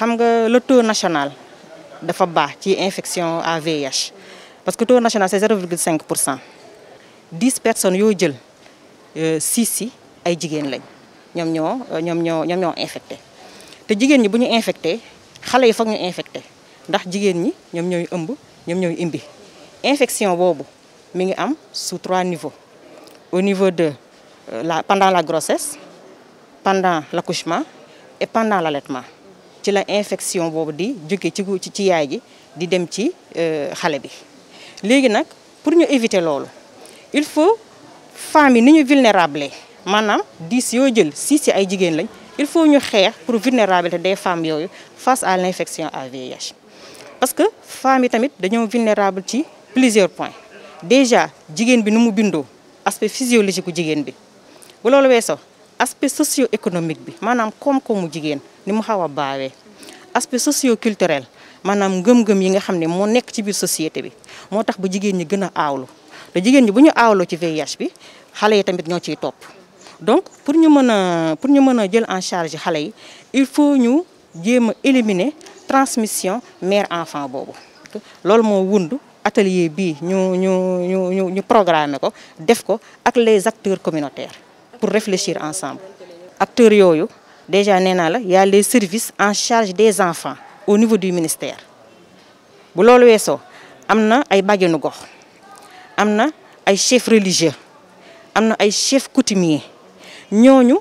xam nga le taux national dafa baax ci infection à VIH parce que taux national c'est 0,5 10 personnes yo jël 6 euh, si ay jigen lañ ñom ñoo euh, ñom ñoo ñom ñoo infecté te jigen ñi buñu infecté xalé yi fa ñu infecté ndax jigen ñi ñom ñoy ëmb ñom ñoy imbi infection bobu mi ngi am sous trois niveaux au niveau de euh, la pendant la grossesse pendant l'accouchement et pendant l'allaitement ci la infection bobu di jóge ci ci yaay gi di dem ci euh, xalé bi légui nak pour ñu éviter loolu il faut femmes yi vulnérables, ñu vulnérable maanaam dix yoo jël six ci ay jigéen lañ il faut ñu xeex pour vulnérabilité des femmes yoyu face à l'infection à VIH parce que femmes tamit dañoo vulnérable ci plusieurs points déjà jigéen bi nu mu bindo aspect physiologique du jigéen bi bu loolu weesoo aspect socio-économique bi manam comme koomu jigéen ni mu xawa bawé aspect socio-culturel manam ngëm-ngëm yi nga xamné mo nek ci biir société bi motax bu ba jigéen ñi gën a aawlu te ñi bu ñu aawloo ci VIH bi xalé yi tamit ñoo ciy donc pour ñu mëna pour ñu mëna jël en charge xalé yi il faut ñu jéem éliminer transmission mère enfant bobu lool mo wundu atelier bi ñu ñu ñu ñu programmer ko def ko ak les acteurs communautaires pour réfléchir ensemble Acteur Yoyo, déjà nee y a les services en charge des enfants au niveau du ministère bu vous avez Amna ay bàjjenu gox des ay chefs religieux Amna ay chefs coutumiers ñooñu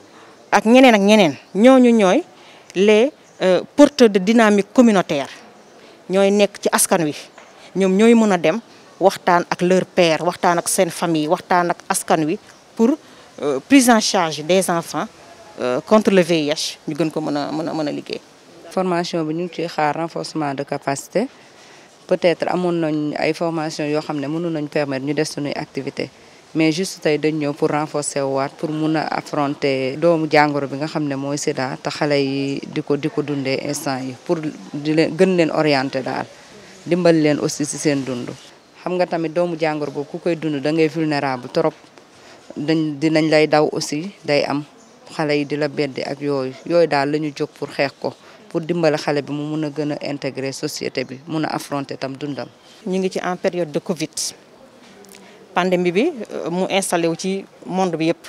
ak ñeneen ak ñeneen ñooñu ñoy les euh, porteurs de dynamique communautaire ñoy nek ci askan wi ñom ñoy mëna dem waxtaan ak leur père waxtaan ak seen famille waxtaan ak askan wi pour euh, prise en charge des enfants euh, contre le VIH ñu gën ko mën a mën a formation bi ñu ci xaar renforcement de capacité peut-être amon nañ ay formation yo xam mënu nañ permettre ñu des suñuy activité mais juste tay dañ ñëw pour renforcer waat pour mëna affronter doomu jangoro bi nga xam moy mooy sida te xale yi diko diko dundé instant yi pour di leen gën leen orienter daal dimbal leen aussi ci seen dundu xam nga tamit doomu jàngoro boobu ku koy dund da ngay vulnérable trop. dañ dinañ lay daw aussi day am xale yi di la beddi ak yooyu yooyu daal la ñu jóg pour xeex ko pour dimbali xale bi mu mun a gën a intégrer société bi mun a affronter tam dundam. ñu ngi ci en période de Covid pandémie bi euh, mu installé wu ci monde bi yëpp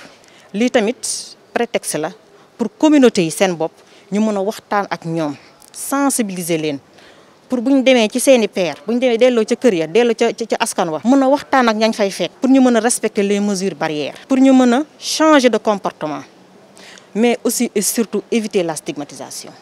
lii tamit prétexte la pour communauté yi seen bopp ñu mën a waxtaan ak ñoom sensibiliser leen. pour bu démé ci seen père peer démé délo ci kër ya délo ci ci askan wa mën a waxtaan ak ñañ fay pour ñu mëna respecter les mesures barrières pour ñu mëna changer de comportement mais aussi et surtout éviter la stigmatisation